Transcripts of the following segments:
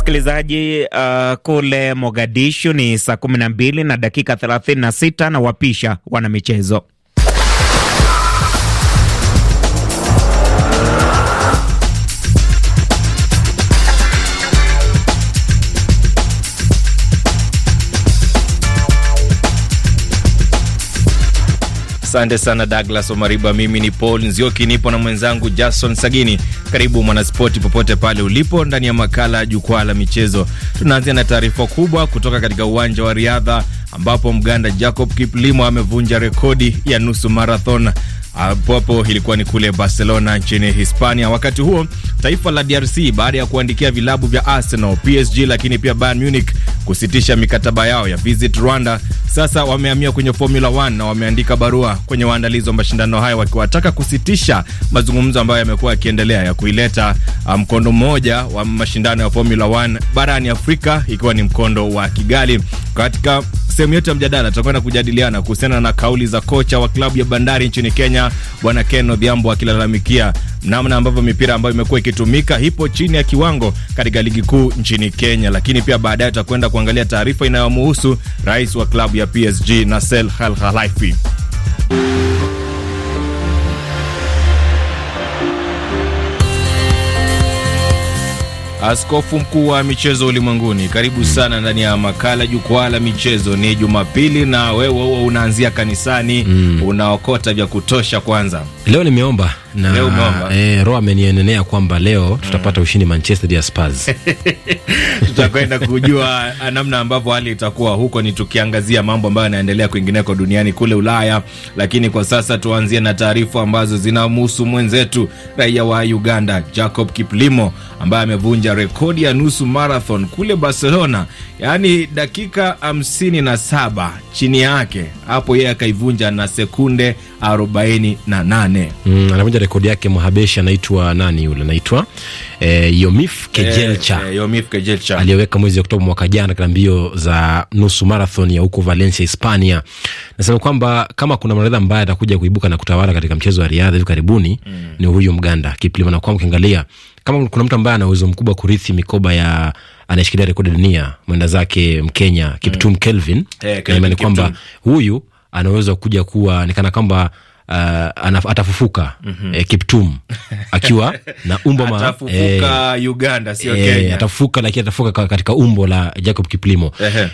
Msikilizaji uh, kule Mogadishu ni saa kumi na mbili na dakika thelathini na sita na wapisha wana michezo Asante sana Douglas Omariba. Mimi ni Paul Nzioki, nipo na mwenzangu Jason Sagini. Karibu mwanaspoti, popote pale ulipo, ndani ya makala ya jukwaa la michezo. Tunaanzia na taarifa kubwa kutoka katika uwanja wa riadha ambapo Mganda Jacob Kiplimo amevunja rekodi ya nusu marathon hapo hapo ilikuwa ni kule Barcelona nchini Hispania. Wakati huo taifa la DRC baada ya kuandikia vilabu vya Arsenal, PSG lakini pia Bayern Munich kusitisha mikataba yao ya Visit Rwanda. Sasa wamehamia kwenye Formula 1 na wameandika barua kwenye waandalizi wa mashindano hayo wakiwataka kusitisha mazungumzo ambayo yamekuwa yakiendelea ya kuileta um, mkondo mmoja wa mashindano ya Formula 1 barani Afrika, ikiwa ni mkondo wa Kigali katika sehemu yetu ya mjadala tutakwenda kujadiliana kuhusiana na kauli za kocha wa klabu ya Bandari nchini Kenya, Bwana Ken Odhiambo akilalamikia namna ambavyo mipira ambayo imekuwa ikitumika ipo chini ya kiwango katika ligi kuu nchini Kenya. Lakini pia baadaye tutakwenda kuangalia taarifa inayomuhusu rais wa klabu ya PSG Nasser Al Khelaifi. askofu mkuu wa michezo ulimwenguni. Karibu sana ndani ya makala jukwaa la michezo. Ni Jumapili na wewe huo unaanzia kanisani mm. unaokota vya kutosha. Kwanza leo nimeomba na eh, kwamba leo tutapata mm. ushindi Manchester ya Spurs. Tutakwenda kujua namna ambavyo hali itakuwa huko, ni tukiangazia mambo ambayo yanaendelea kwingineko duniani kule Ulaya. Lakini kwa sasa tuanzie na taarifa ambazo zinamhusu mwenzetu raia wa Uganda Jacob Kiplimo ambaye amevunja rekodi ya nusu marathon kule Barcelona, yaani dakika 57 na chini yake hapo, yeye akaivunja na sekunde arobaini na Mm, anakuja rekodi yake Mhabeshi anaitwa nani yule anaitwa e, Yomif Kejelcha e, e, Yomif Kejelcha aliyeweka mwezi wa Oktoba mwaka jana katika mbio za nusu marathon ya huko Valencia, Hispania. Nasema kwamba kama kuna mwanariadha ambaye atakuja kuibuka na kutawala katika mchezo wa riadha hivi karibuni mm, ni huyu Mganda Kiplimo, na kwa mkiangalia kama kuna mtu ambaye ana uwezo mkubwa kurithi mikoba ya anayeshikilia rekodi dunia mwenda zake Mkenya Kiptum mm. Kelvin, hey, Kelvin, naimani kwamba huyu anaweza kuja kuwa nikana kwamba Uh, anaf, atafufuka mm -hmm. eh, Kiptum akiwa na umbo ma, atafufuka eh, Uganda sio eh, Kenya. Atafufuka lakini atafufuka katika umbo la Jacob Kiplimo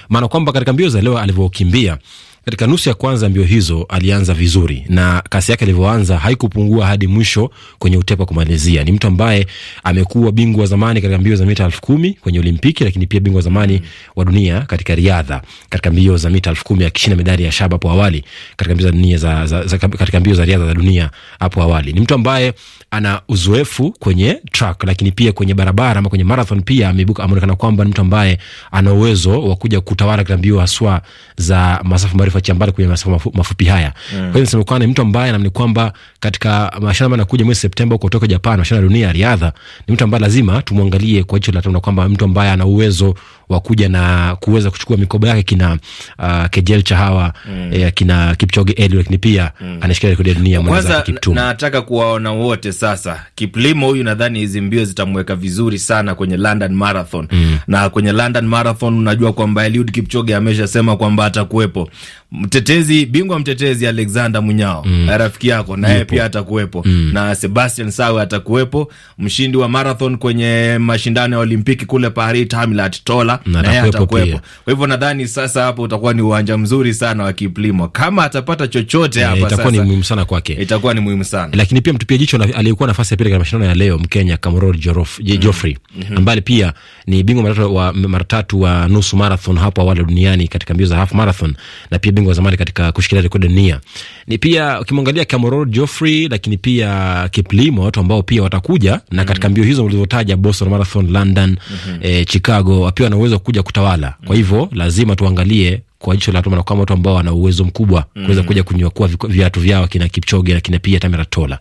maana kwamba katika mbio za leo alivyokimbia katika nusu ya kwanza mbio hizo alianza vizuri, na kasi yake alivyoanza haikupungua hadi mwisho kwenye utepa kumalizia. Ni mtu ambaye amekuwa bingwa wa zamani katika mbio za mita elfu kumi kwenye Olimpiki, lakini pia bingwa wa zamani wa dunia katika riadha katika mbio za mita elfu kumi akishinda medali ya shaba hapo awali katika mbio za dunia za, za, za, katika mbio za riadha za dunia hapo awali. Ni mtu ambaye ana uzoefu kwenye track, lakini pia kwenye barabara ama kwenye marathon pia ameibuka, ameonekana kwamba ni mtu ambaye ana uwezo wa kuja kutawala katika mbio haswa za masafa marefu kifaa cha mbali kwenye masafa mafupi haya mm. Kwa hiyo inasemekana ni mtu ambaye namni kwamba katika mashindano yanakuja mwezi Septemba kutoka Japan, mashindano ya dunia ya riadha, ni mtu ambaye lazima tumwangalie kwa jicho la tuna kwamba mtu ambaye ana uwezo wa kuja na kuweza kuchukua mikoba yake kina uh, Kejel Chahawa mm. eh, kina Kipchoge Edwin, lakini pia mm. anashikilia rekodi ya dunia mwanzo Kiptuma. Nataka kuwaona wote sasa. Kiplimo huyu nadhani hizi mbio zitamweka vizuri sana kwenye London Marathon mm. na kwenye London Marathon unajua kwamba Eliud Kipchoge ameshasema kwamba atakuwepo mtetezi bingwa mtetezi Alexander Munyao mm. rafiki yako naye pia atakuwepo mm. na Sebastian Sawe atakuwepo, mshindi wa marathon kwenye mashindano ya Olimpiki kule Paris, Tamilat Tola naye atakuwepo. Kwa hivyo nadhani sasa hapo utakuwa ni uwanja mzuri sana wa Kiplimo, kama atapata chochote eh, hapa sasa itakuwa ni muhimu sana kwake, itakuwa ni muhimu sana lakini pia mtupie jicho na aliyekuwa nafasi ya pili katika mashindano ya leo Mkenya Kamrod mm. Geoffrey mm -hmm. ambaye pia ni bingwa mara tatu wa nusu marathon hapo awali duniani katika mbio za half marathon na pia bingwa zamani katika kushikilia rekodi dunia. Ni pia ukimwangalia Cameron Geoffrey, lakini pia Kiplimo, watu ambao pia watakuja na mm -hmm. katika mbio hizo ulizotaja Boston Marathon, London mm -hmm. eh, Chicago, wapiwa wana uwezo wa kuja kutawala. Kwa hivyo lazima tuangalie kwa jicho la watu, maana kama watu ambao wana uwezo mkubwa mm. kuweza kuja kunyakua viatu vyao akina Kipchoge na kina pia Tamara Tola.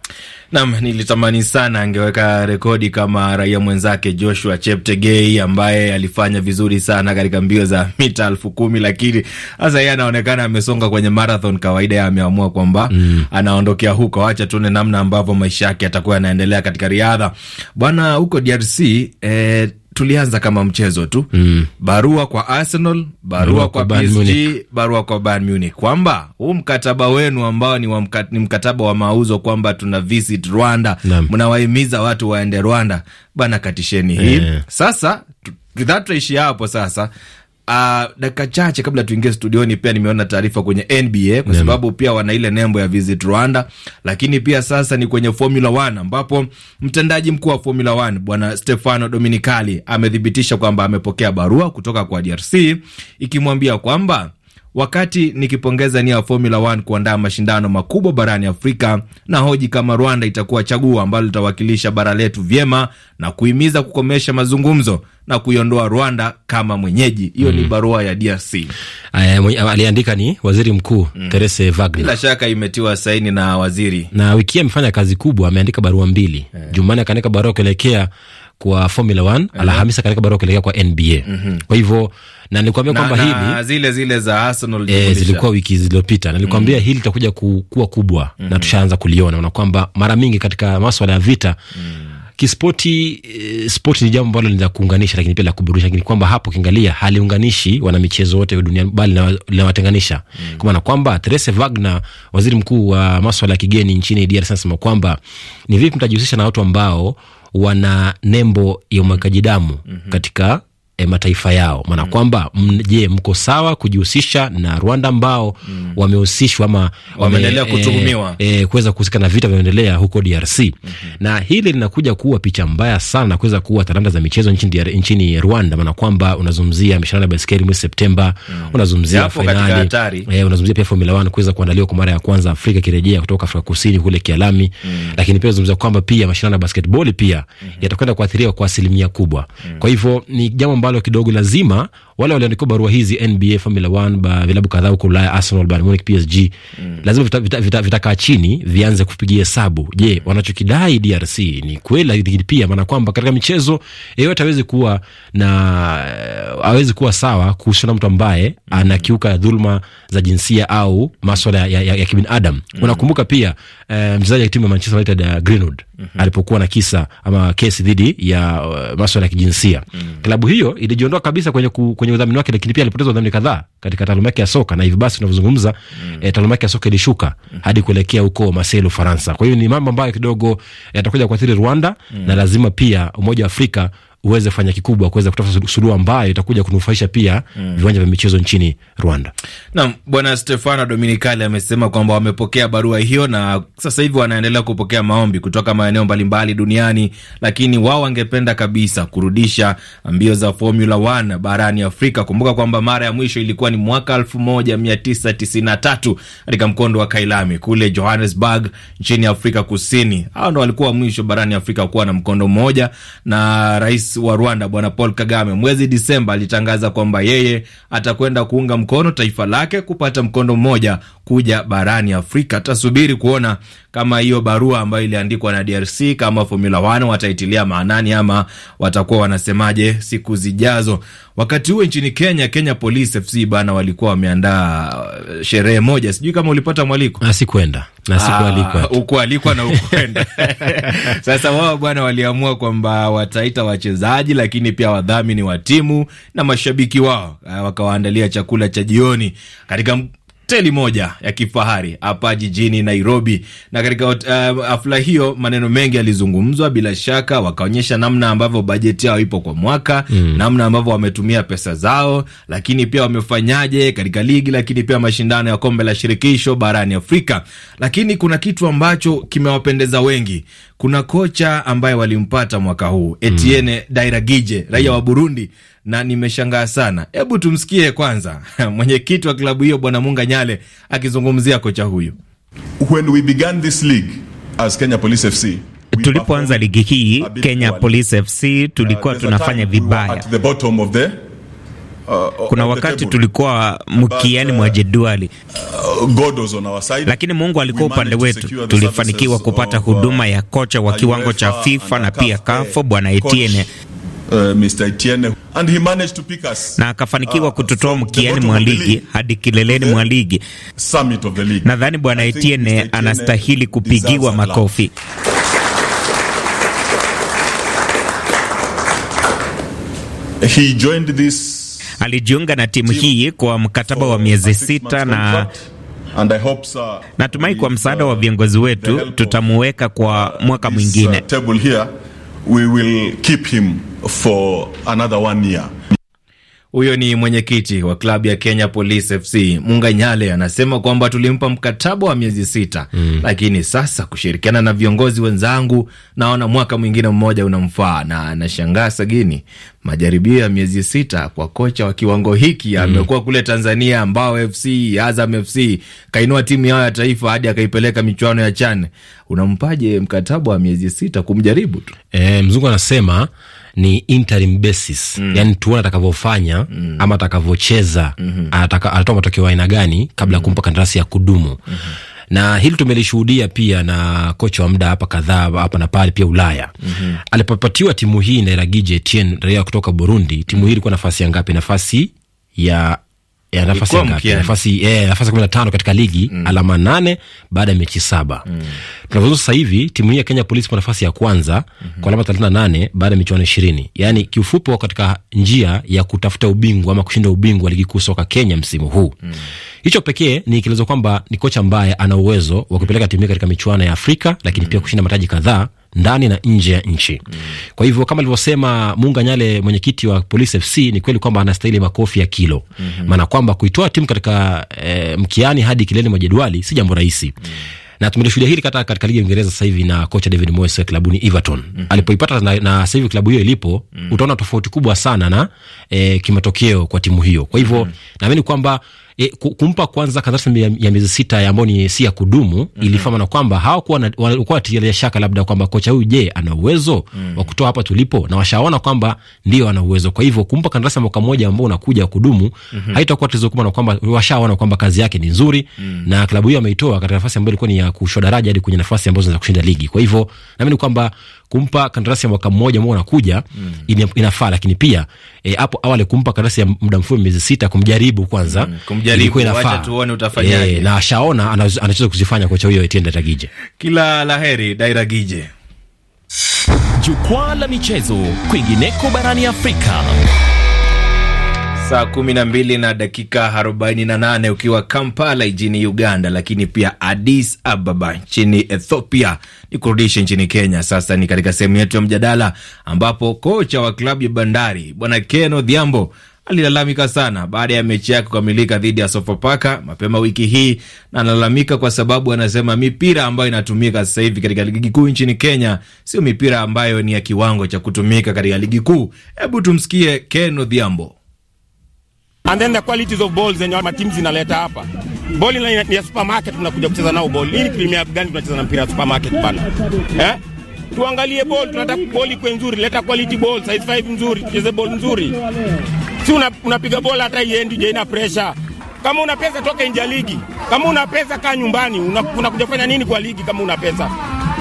Naam, nilitamani sana angeweka rekodi kama raia mwenzake Joshua Cheptegei ambaye alifanya vizuri sana katika mbio za mita elfu kumi lakini sasa yeye anaonekana amesonga kwenye marathon kawaida, ameamua kwamba mm. anaondokea huko. Acha tuone namna ambavyo maisha yake yatakuwa yanaendelea katika riadha bwana, huko DRC eh, tulianza kama mchezo tu mm. barua kwa Arsenal, barua, kwa, kwa PSG barua kwa Bayern Munich kwamba huu mkataba wenu ambao ni, mka, ni mkataba wa mauzo kwamba tuna visit Rwanda, mnawahimiza watu waende Rwanda bana, katisheni hii yeah. Sasa tutaishi hapo sasa Uh, dakika chache kabla tuingie studioni, pia nimeona taarifa kwenye NBA kwa sababu pia wana ile nembo ya Visit Rwanda, lakini pia sasa ni kwenye Formula 1 ambapo mtendaji mkuu wa Formula 1 bwana Stefano Dominicali amethibitisha kwamba amepokea barua kutoka kwa DRC ikimwambia kwamba wakati nikipongeza nia ya Formula 1 kuandaa mashindano makubwa barani Afrika na hoji kama Rwanda itakuwa chaguo ambalo litawakilisha bara letu vyema na kuhimiza kukomesha mazungumzo na kuiondoa Rwanda kama mwenyeji. Hiyo mm. ni barua ya DRC aliandika ni waziri mkuu mm. Therese Wagner. Bila shaka imetiwa saini na waziri, na wiki amefanya kazi kubwa, ameandika barua mbili. Yeah. Jumanne akaandika barua kuelekea kwa Formula 1 mm -hmm. Alhamisi katika barua kuelekea kwa NBA mm -hmm. Kwa hivyo na nilikwambia kwamba hili na zile zile za Arsenal e, zilikuwa wiki zilizopita na nilikwambia mm -hmm. hili litakuja kuwa kubwa mm -hmm. na mhm. tushaanza kuliona na kwamba mara mingi katika masuala ya vita mm -hmm. Kispoti eh, sport ni jambo ambalo linaweza kuunganisha, lakini pia la kuburudisha, lakini kwamba hapo kiangalia haliunganishi wana michezo wote duniani, bali linawatenganisha mm. kwa maana kwamba Therese Wagner, waziri mkuu wa masuala ya kigeni nchini DRC, anasema kwamba ni vipi mtajihusisha na watu ambao wana nembo ya umwagaji damu mm -hmm. katika e, mataifa yao maana mm. kwamba je, mko sawa kujihusisha na Rwanda ambao mm. wamehusishwa ama wameendelea kutuhumiwa e, e, kuweza kuhusika na vita vinavyoendelea huko DRC mm -hmm. na hili linakuja kuwa picha mbaya sana na kuweza kuwa talanta za michezo nchini, nchini Rwanda maana kwamba unazungumzia mashindano ya baiskeli mwezi Septemba mm. unazungumzia fainali e, unazungumzia pia Formula 1 kuweza kuandaliwa kwa mara ya kwanza Afrika kirejea kutoka Afrika Kusini kule Kialami mm. lakini pia unazungumzia kwamba pia mashindano ya basketball pia mm -hmm. yatakwenda kuathiriwa kwa asilimia kubwa mm. kwa hivyo ni jambo ambalo kidogo lazima wale walioandikiwa barua hizi NBA, Formula 1 ba vilabu kadhaa huko Ulaya, Arsenal, Bayern Munich, PSG mm. lazima vitakaa vita, vita, vita chini vianze kupigia hesabu. Je, mm. wanachokidai DRC ni kweli? Lakini pia maana kwamba katika michezo yeyote awezi kuwa na awezi kuwa sawa kuhusiana mtu ambaye mm. anakiuka dhuluma za jinsia au maswala ya, ya, ya kibinadamu mm. unakumbuka pia eh, mchezaji wa timu ya Manchester United uh, Greenwood mm -hmm. alipokuwa na kisa ama kesi dhidi ya uh, maswala ya kijinsia mm. klabu hiyo ilijiondoa kabisa kwenye, ku, kwenye kwenye udhamini wake, lakini pia alipoteza udhamini kadhaa katika taaluma yake ya soka, na hivyo basi tunavyozungumza, mm. eh, taaluma yake ya soka ilishuka mm. hadi kuelekea huko Marseille, Ufaransa. Kwa hiyo ni mambo ambayo kidogo yatakuja kuathiri Rwanda mm. na lazima pia Umoja wa Afrika uweze kufanya kikubwa kuweza kutafuta suluhu ambayo itakuja kunufaisha pia mm. viwanja vya michezo nchini Rwanda. Naam, Bwana Stefano Dominicali amesema kwamba wamepokea barua hiyo na sasa hivi wanaendelea kupokea maombi kutoka maeneo mbalimbali duniani, lakini wao wangependa kabisa kurudisha mbio za Formula 1 barani Afrika. Kumbuka kwamba mara ya mwisho ilikuwa ni mwaka 1993 katika mkondo wa Kailami kule Johannesburg nchini Afrika Kusini. Hao ndo walikuwa mwisho barani Afrika kuwa na mkondo mmoja na rais wa Rwanda Bwana Paul Kagame mwezi Disemba alitangaza kwamba yeye atakwenda kuunga mkono taifa lake kupata mkondo mmoja kuja barani Afrika. Tutasubiri kuona kama hiyo barua ambayo iliandikwa na DRC kama Formula 1 wataitilia maanani ama watakuwa wanasemaje siku zijazo. Wakati huo nchini Kenya, Kenya Police FC bana walikuwa wameandaa uh, sherehe moja, sijui kama ulipata mwaliko. Sikuenda na sikualikwa, ah, ukualikwa na ukuenda. Sasa wao bwana waliamua kwamba wataita wachezaji, lakini pia wadhamini wa timu na mashabiki wao, ah, wakawaandalia chakula cha jioni katika hoteli moja ya kifahari hapa jijini Nairobi. Na katika eh, hafla uh, hiyo maneno mengi yalizungumzwa, bila shaka wakaonyesha namna ambavyo bajeti yao ipo kwa mwaka mm, namna ambavyo wametumia pesa zao, lakini pia wamefanyaje katika ligi, lakini pia mashindano ya kombe la shirikisho barani Afrika. Lakini kuna kitu ambacho kimewapendeza wengi. Kuna kocha ambaye walimpata mwaka huu mm. Etienne mm, Dairagije raia mm, wa Burundi na nimeshangaa sana. Hebu tumsikie kwanza mwenyekiti wa klabu hiyo Bwana Munga Nyale akizungumzia kocha huyu. When we began this league as Kenya Police FC Tulipoanza ligi hii Kenya Police FC uh, tulikuwa tunafanya vibaya. Uh, Kuna wakati tulikuwa mkiani mwa uh, jedwali, lakini Mungu alikuwa upande wetu. Tulifanikiwa kupata huduma ya kocha wa kiwango cha FIFA na pia kafo Bwana Etienne. And he managed to pick us, na akafanikiwa ah, kututoa mkiani mwa ligi hadi kileleni mwa ligi. Nadhani bwana Etienne anastahili kupigiwa makofi. He joined this, alijiunga na timu hii kwa mkataba wa miezi sita na And I hope, sir, natumai kwa msaada uh, wa viongozi wetu tutamuweka kwa mwaka uh, mwingine for another one year. Huyo ni mwenyekiti wa klabu ya Kenya Police FC Munga Nyale anasema kwamba tulimpa mkataba wa miezi sita mm, lakini sasa kushirikiana na viongozi wenzangu naona mwaka mwingine mmoja unamfaa, na anashangaa sagini majaribio ya miezi sita kwa kocha wa kiwango hiki mm. amekuwa mm, kule Tanzania ambao FC Azam FC kainua timu yao ya taifa hadi akaipeleka michuano ya CHAN. Unampaje mkataba wa miezi sita kumjaribu tu? E, mzungu anasema ni interim basis mm. Yani tuone atakavyofanya mm. ama atakavyocheza mm -hmm. anatoa matokeo aina gani kabla ya mm. kumpa kandarasi ya kudumu mm -hmm na hili tumelishuhudia pia na kocha wa muda hapa kadhaa hapa na pale pia Ulaya. mm -hmm. Alipopatiwa timu hii Ndayiragije Etienne, raia kutoka Burundi, timu mm-hmm. hii ilikuwa nafasi ya ngapi? Nafasi ya Yeah, nafasi nafasi yeah, nafasi kumi na tano katika ligi mm. alama nane baada ya mechi saba mm. tunavyozungumza sasa hivi timu hii ya Kenya Police kwa nafasi ya kwanza mm -hmm. kwa alama thelathini na nane baada ya michuano ishirini yaani kiufupi wako katika njia ya kutafuta ubingwa ama kushinda ubingwa wa ligi kuu soka Kenya msimu huu mm. Hicho pekee ni kielezo kwamba ni kocha ambaye ana uwezo wa kupeleka timu hii katika michuano ya Afrika, lakini mm. pia kushinda mataji kadhaa ndani na nje ya nchi. Mm. Kwa hivyo kama alivyosema Munga Nyale, mwenyekiti wa Police FC, ni kweli kwamba anastahili makofi ya kilo. Mm-hmm. Maana kwamba kuitoa timu katika e, mkiani hadi kilele mwa jedwali si jambo rahisi. Mm na tumelishuhudia hili kata katika ligi ya Uingereza sasa hivi na kocha David Moyes klabuni Everton mm -hmm. alipoipata na, na sasa hivi klabu hiyo ilipo mm -hmm. utaona tofauti kubwa sana na e, kimatokeo kwa timu hiyo. Kwa hivyo mm -hmm. naamini kwamba e, kumpa kwanza kandarasi ya, ya miezi sita ambayo ni si ya kudumu mm -hmm. ilifama na kwamba hawakuwa wanatilia shaka labda kwamba kocha huyu je, ana uwezo mm -hmm. wa kutoa hapa tulipo, na washaona kwamba ndio ana uwezo. Kwa hivyo kumpa kandarasi mwaka mmoja ambao unakuja kudumu mm -hmm. haitakuwa tatizo kubwa, na kwamba washaona kwamba kazi yake ni nzuri mm -hmm. na klabu hiyo ameitoa katika nafasi ambayo ilikuwa ni ya kushuka daraja hadi kwenye nafasi ambazo za kushinda ligi. Kwa hivyo naamini kwamba kumpa kandarasi ya mwaka mmoja ambao unakuja mm. inafaa, lakini pia eh, hapo e, awali kumpa kandarasi ya muda mfupi miezi sita kumjaribu kwanza mm. Kumjaribu inafaa tuone utafanyaje e, na ashaona anachoweza kuzifanya kocha huyo Etienne Ndayiragije. Kila laheri Ndayiragije. Jukwaa la michezo kwingineko barani Afrika. Saa kumi na mbili na dakika nane ukiwa Kampala nchini Uganda, lakini pia Addis Ababa nchini Ethiopia. Ni kurudishe nchini Kenya. Sasa ni katika sehemu yetu ya mjadala, ambapo kocha wa klabu ya Bandari Bwana Keno Dhiambo alilalamika sana baada ya mechi yake kukamilika dhidi ya Sofapaka mapema wiki hii, na analalamika kwa sababu anasema mipira ambayo inatumika sasa hivi katika ligi kuu nchini Kenya sio mipira ambayo ni ya kiwango cha kutumika katika ligi kuu. Hebu tumsikie Keno Dhiambo and then the qualities of balls zenye matimu zinaleta hapa boli na ya supermarket mnakuja kucheza nao boli. Hii premier gani tunacheza na mpira ya supermarket bana? Eh? Tuangalie ball, tunataka boli kwa nzuri, leta quality ball, size 5 nzuri, cheze ball nzuri. Si unapiga una bola hata iendi je ina pressure. Kama una pesa toka nje ya ligi. Kama una pesa kaa nyumbani. Unakuja una kufanya nini kwa ligi kama una pesa?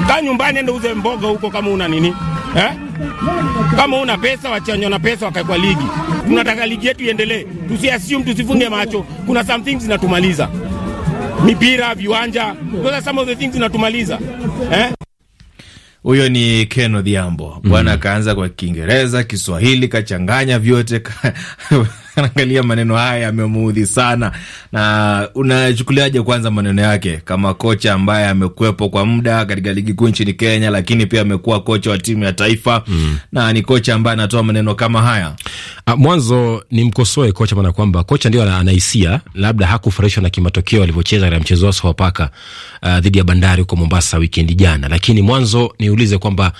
Kaa nyumbani enda uze mboga huko kama una nini? Eh? Kama una pesa wachanywa na pesa wakae kwa ligi. Tunataka ligi yetu iendelee. tusiasium, tusifunge macho. Kuna some things zinatumaliza. Mipira, viwanja, those some of the things zinatumaliza. Eh? Huyo ni Ken Odhiambo mm-hmm. bwana, mm -hmm. Kaanza kwa Kiingereza, Kiswahili, kachanganya vyote ka... anaangalia maneno haya yamemuudhi sana. Na unachukuliaje kwanza maneno yake kama kocha ambaye amekuwepo kwa muda katika ligi kuu nchini Kenya, lakini pia amekuwa kocha wa timu ya taifa mm. na ni kocha ambaye anatoa maneno kama haya? mwanzo ni mkosoe kocha, maana kwamba kocha ndio anahisia labda hakufurahishwa na kimatokeo alivyocheza katika mchezo wa Sofapaka uh, dhidi ya Bandari huko Mombasa wikendi jana, lakini mwanzo niulize kwamba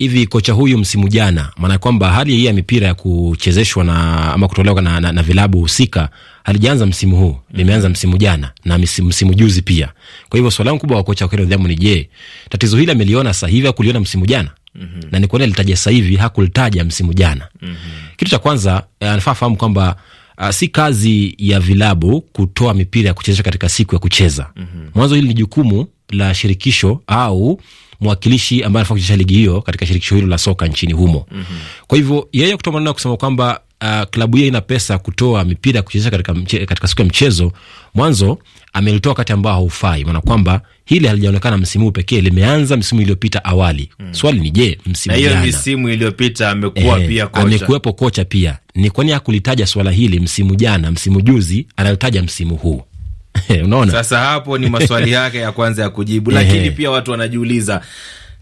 hivi kocha huyu msimu jana, maana kwamba hali hii ya mipira ya kuchezeshwa na ama kutolewa na, na, na vilabu husika halijaanza msimu huu, limeanza msimu jana na msimu, juzi pia. Kwa hivyo swali langu kubwa kwa kocha Okello Odhiambo ni je, tatizo hili ameliona sasa hivi au kuliona msimu jana? Mm-hmm. Na ni kwa nini alitaja sasa hivi hakulitaja msimu jana? Mm-hmm. Kitu cha kwanza eh, anafaa fahamu kwamba Uh, si kazi ya vilabu kutoa mipira ya kuchezesha katika siku ya kucheza. mm -hmm. Mwanzo hili ni jukumu la shirikisho au mwakilishi ambaye anafaa kuchezesha ligi hiyo katika shirikisho hilo la soka nchini humo. mm -hmm. Kwa hivyo yeye kutoa maneno ya kusema kwamba uh, klabu hiyo ina pesa kutoa mipira kuchezesha katika, katika siku ya mchezo, mwanzo amelitoa wakati ambao haufai, maana kwamba hili halijaonekana msimu huu pekee, limeanza msimu iliyopita awali. mm. Swali ni je, msimu hiyo misimu iliyopita amekuwa eh, pia kocha, amekuwepo kocha pia, ni kwani hakulitaja swala hili msimu jana, msimu juzi, analitaja msimu huu Eh, unaona, sasa hapo ni maswali yake ya kwanza ya kujibu, lakini pia watu wanajiuliza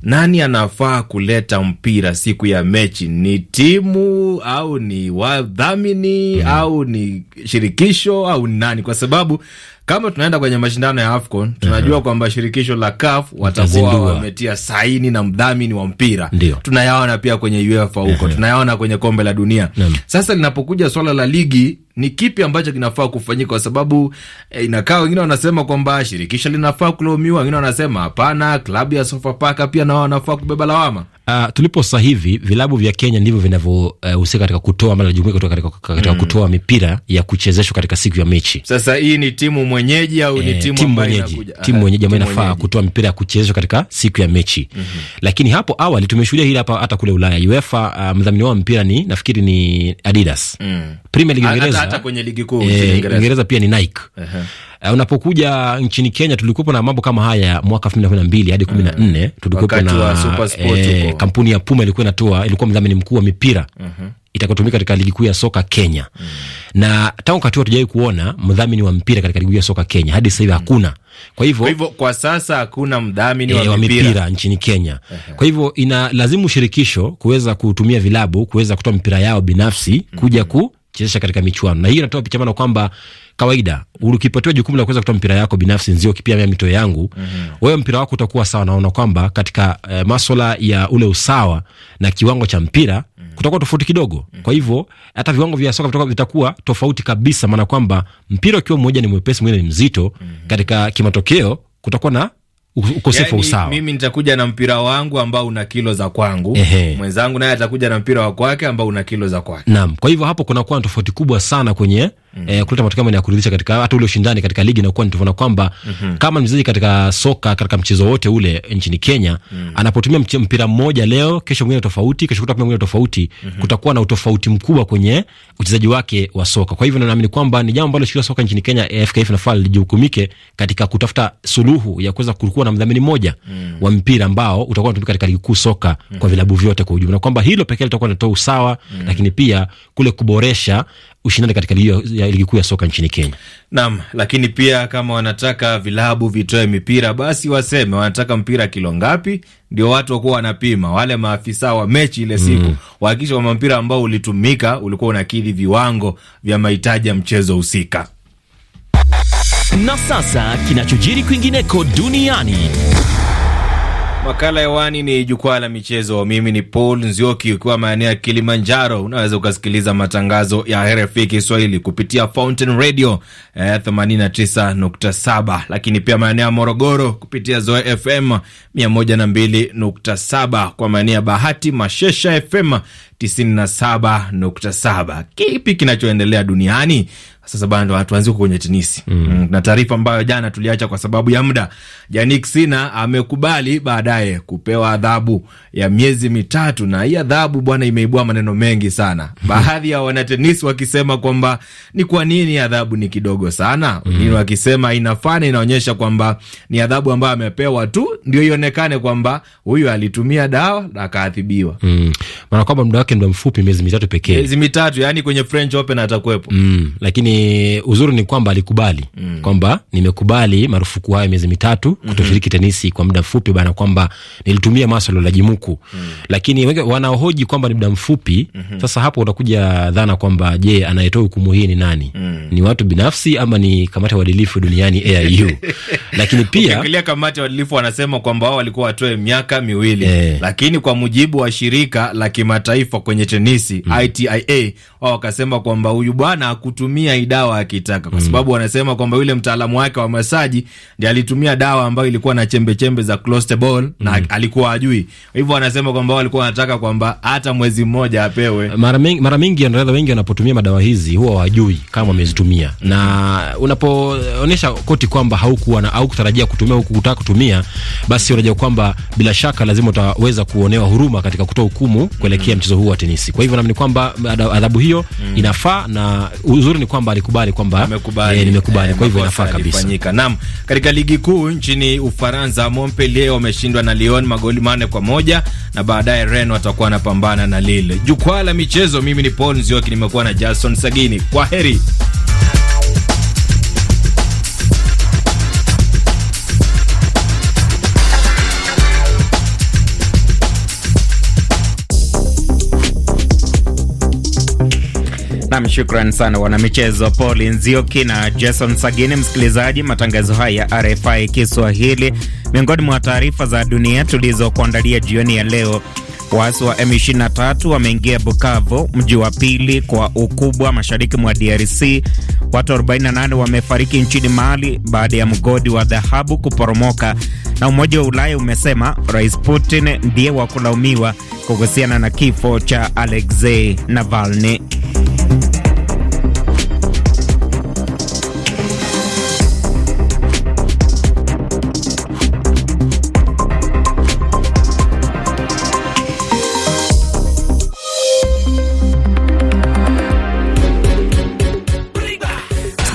nani anafaa kuleta mpira siku ya mechi? Ni timu au ni wadhamini mm, au ni shirikisho au nani? Kwa sababu kama tunaenda kwenye mashindano ya AFCON tunajua uh -huh. kwamba shirikisho la CAF watakuwa wametia saini na mdhamini wa mpira. Tunayaona pia kwenye UEFA huko uh -huh. tunayaona kwenye kombe la dunia uh Sasa linapokuja swala la ligi ni kipi ambacho kinafaa kufanyika? Kwa sababu eh, inakaa wengine wanasema kwamba shirikisho linafaa kulaumiwa, wengine wanasema hapana, klabu ya Sofapaka pia nao wanafaa kubeba lawama. Uh, tulipo sasa hivi vilabu vya Kenya ndivyo vinavyohusika uh, katika kutoa mara jumuiya kutoka katika, katika mm. kutoa mipira ya kuchezeshwa katika siku ya mechi. Sasa hii ni timu mwenyeji au ni eh, timu ambayo inakuja? Timu mwenyeji ambayo inafaa kutoa mipira ya kuchezeshwa katika siku ya mechi. Mm -hmm. Lakini hapo awali tumeshuhudia hili hapa hata kule Ulaya. UEFA uh, mdhamini wao mpira ni nafikiri ni Adidas. Mm. Premier League Ingereza Hata kwenye ligi kuu eh, Uingereza pia ni Nike. Uh -huh. Uh, unapokuja nchini Kenya tulikuwa na mambo kama haya mwaka 2012 hadi 14 mm. tulikuwa na eh, kampuni ya Puma ilikuwa inatoa, ilikuwa mdhamini mkuu wa mipira mm -hmm itakayotumika katika ligi kuu ya soka Kenya mm. na tangu wakati huo hatujawahi kuona mdhamini wa mpira katika ligi kuu ya soka Kenya hadi sasa hivi mm. hakuna. Kwa hivyo kwa hivyo kwa sasa hakuna mdhamini e, wa eh, mipira nchini Kenya. uh-huh. Kwa hivyo ina lazimu shirikisho kuweza kutumia vilabu kuweza kutoa mipira yao binafsi mm. kuja ku chezesha katika michuano, na hii inatoa picha maana kwamba kawaida ukipatiwa jukumu la kuweza kutoa mpira yako binafsi, nzio kipia mia mito yangu mm -hmm. wewe mpira wako utakuwa sawa. Naona kwamba katika e, maswala ya ule usawa na kiwango cha mpira mm -hmm. kutakuwa tofauti kidogo mm -hmm. kwa hivyo hata viwango vya soka vitakuwa tofauti kabisa, maana kwamba mpira ukiwa mmoja ni mwepesi, mwingine ni mzito mm -hmm. katika kimatokeo kutakuwa na ukosefu yani, usawa. Mimi nitakuja na mpira wangu ambao una kilo za kwangu, mwenzangu naye atakuja na mpira wa kwake ambao una kilo za kwake. Naam, kwa hivyo hapo kunakuwa na tofauti kubwa sana kwenye mm eh, kuleta matokeo ambayo kuridhisha katika hata ule ushindani katika ligi na kwani tunaona kwamba mm -hmm. kama mchezaji katika soka katika mchezo wote ule nchini Kenya mm -hmm. anapotumia mpira mmoja leo, kesho mwingine tofauti, kesho kutakuwa mwingine tofauti mm -hmm. kutakuwa na utofauti mkubwa kwenye uchezaji wake wa soka. Kwa hivyo naamini kwamba ni jambo ambalo shirika soka nchini Kenya FKF eh, na FAL lijihukumike katika kutafuta suluhu ya kuweza kulikuwa na mdhamini mmoja mm -hmm. wa mpira ambao utakuwa unatumika katika ligi kuu soka mm -hmm. kwa mhm. vilabu vyote kwa ujumla, kwamba hilo pekee litakuwa linatoa usawa mm -hmm. lakini pia kule kuboresha ushindani katika ligi kuu ya soka nchini Kenya. Naam, lakini pia kama wanataka vilabu vitoe mipira, basi waseme wanataka mpira kilo ngapi, ndio watu wakuwa wanapima, wale maafisa wa mechi ile siku mm, wahakikisha kwamba mpira ambao ulitumika ulikuwa unakidhi viwango vya mahitaji ya mchezo husika. Na sasa kinachojiri kwingineko duniani Makala hewani ni jukwaa la michezo. Mimi ni Paul Nzioki, ukiwa maeneo ya Kilimanjaro unaweza ukasikiliza matangazo ya RFI Kiswahili kupitia Fountain Radio eh, 89.7, lakini pia maeneo ya Morogoro kupitia Zoe FM 102.7, kwa maeneo ya Bahati Mashesha FM 97.7. Kipi kinachoendelea duniani? Sasa bado tuanzie huko kwenye tenisi mm. Mm, na taarifa ambayo jana tuliacha kwa sababu ya muda, Jannik Sinner amekubali baadaye kupewa adhabu ya miezi mitatu, na hii adhabu bwana, imeibua maneno mengi sana baadhi ya wanatenisi wakisema kwamba ni kwa nini adhabu ni kidogo sana, mm. wakisema inafana, inaonyesha kwamba ni adhabu ambayo amepewa tu ndio ionekane kwamba huyu alitumia dawa na akaadhibiwa, mm. maana kwamba muda wake mfupi, miezi mitatu pekee, miezi mitatu, yani kwenye French Open atakuwepo mm. lakini e, uzuri ni kwamba alikubali mm. kwamba nimekubali marufuku hayo miezi mitatu mm -hmm. kutoshiriki tenisi kwa muda mfupi bana, kwamba nilitumia maswala la jimuku mm. lakini wengi wanaohoji kwamba ni muda mfupi mm -hmm. Sasa hapo utakuja dhana kwamba je, anayetoa hukumu hii ni nani? mm. ni watu binafsi ama ni kamati ya uadilifu duniani AIU? lakini pia ukiangalia kamati ya uadilifu wanasema kwamba wao walikuwa watoe miaka miwili eh. lakini kwa mujibu wa shirika la kimataifa kwenye tenisi mm. ITIA wao wakasema kwamba huyu bwana akutumia dawa akitaka, kwa mm. sababu wanasema kwamba yule mtaalamu wake wa masaji ndiye alitumia dawa ambayo ilikuwa na chembe chembe za clostebol na mm. alikuwa ajui. Hivyo wanasema kwamba walikuwa wanataka kwamba hata mwezi mmoja apewe. Mara mingi mara mingi wanariadha wengi wanapotumia madawa hizi huwa wajui kama wamezitumia, na unapoonyesha koti kwamba haukuwa na au kutarajia kutumia au kutaka kutumia, basi unajua kwamba bila shaka lazima utaweza kuonewa huruma katika kutoa hukumu kuelekea mm. mchezo huu wa tenisi. Kwa hivyo naamini kwamba adhabu hiyo mm. inafaa, na uzuri ni kwamba alikubali kwamba eh, nimekubali, kwa hivyo inafaa kabisa. Naam, katika ligi kuu nchini Ufaransa, Montpellier wameshindwa na Lyon magoli manne kwa moja na baadaye Rennes watakuwa wanapambana na Lille. Jukwaa la michezo, mimi ni Paul Nzioki, nimekuwa na Jason Sagini. Kwa heri. Nam, shukran sana wanamichezo Paul Nzioki na Jason Sagini. Msikilizaji, matangazo haya ya RFI Kiswahili, miongoni mwa taarifa za dunia tulizokuandalia jioni ya leo Waasi wa M23 wameingia Bukavu, mji wa pili kwa ukubwa mashariki mwa DRC. Watu 48 wamefariki nchini Mali baada ya mgodi wa dhahabu kuporomoka, na Umoja wa Ulaya umesema Rais Putin ndiye wa kulaumiwa kuhusiana na kifo cha Alexei Navalny.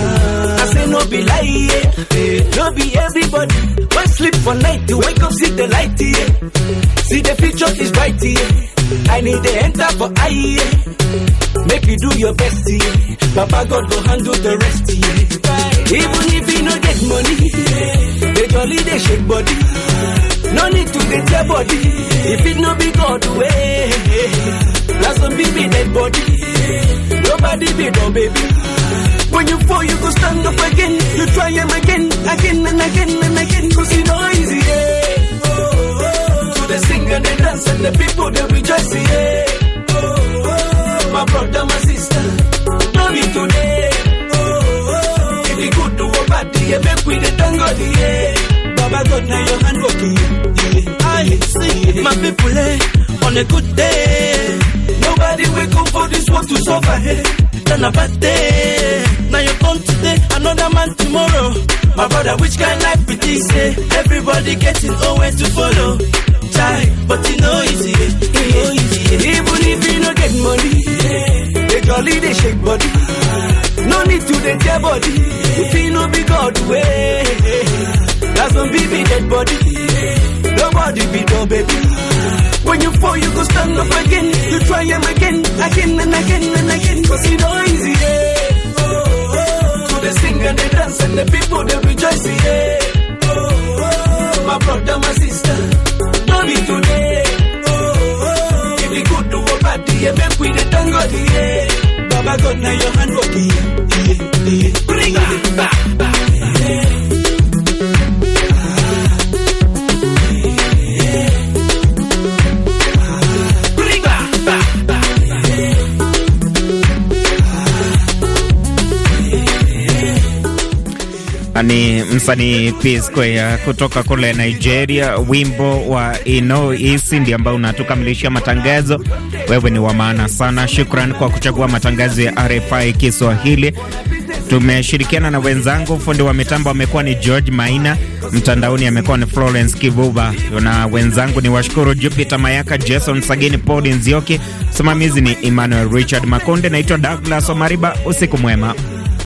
I say no be lie, yeah. No be everybody. When sleep for night, to wake up, see the light, yeah. See the future is bright, yeah. I need the enter for I, yeah. Make you do your best, yeah. Papa God go handle the rest, yeah. Even if you no get money, they jolly, they shake body. No need to get your body if it no be God way. Last one be me dead body. Nobody be no baby. When you fall, you go stand up again. You try him again, again and again and again. Cause you know easy, yeah. Oh, oh, oh. So they sing and they dance and the people they rejoice, yeah. Oh, oh, oh. My brother, my sister, love you today. Oh, oh, oh. If you good to a bad, yeah, make we the tango, yeah. Baba God, now your hand working, yeah. I see My people, eh on a good day. Nobody wake up for this world to suffer. Hey, eh? then a bad day. Now you come today, another man tomorrow. My brother, which kind life be this? Hey, eh? everybody getting always to follow. Try, but you know easy, eh? you know easy. Even if you no get money, they jolly they shake body. No need to they tear body. If you no be God way, that's when be dead body. nobody be your baby. When you fall, you go stand up again. You try him again, again and again and again. Cause it's not easy, yeah. Oh, oh, oh. To the singer, they dance and the people, they rejoice, yeah. Oh, oh, oh. My brother, my sister, don't be today. Oh, oh. Yeah, make we the tango, yeah. Baba God, now your hand will be, yeah, yeah, yeah. ni msanii P Square kutoka kule Nigeria. Wimbo wa ino isi ndio ambao unatukamilishia matangazo. Wewe ni wa maana sana, shukran kwa kuchagua matangazo ya RFI Kiswahili. Tumeshirikiana na wenzangu, fundi wa mitambo amekuwa ni George Maina, mtandaoni amekuwa ni Florence Kibuba, na wenzangu ni washukuru Jupiter Mayaka, Jason Sagini, Paul Nzioki, msimamizi ni Emmanuel Richard Makonde. Naitwa Douglas Omariba, usiku mwema.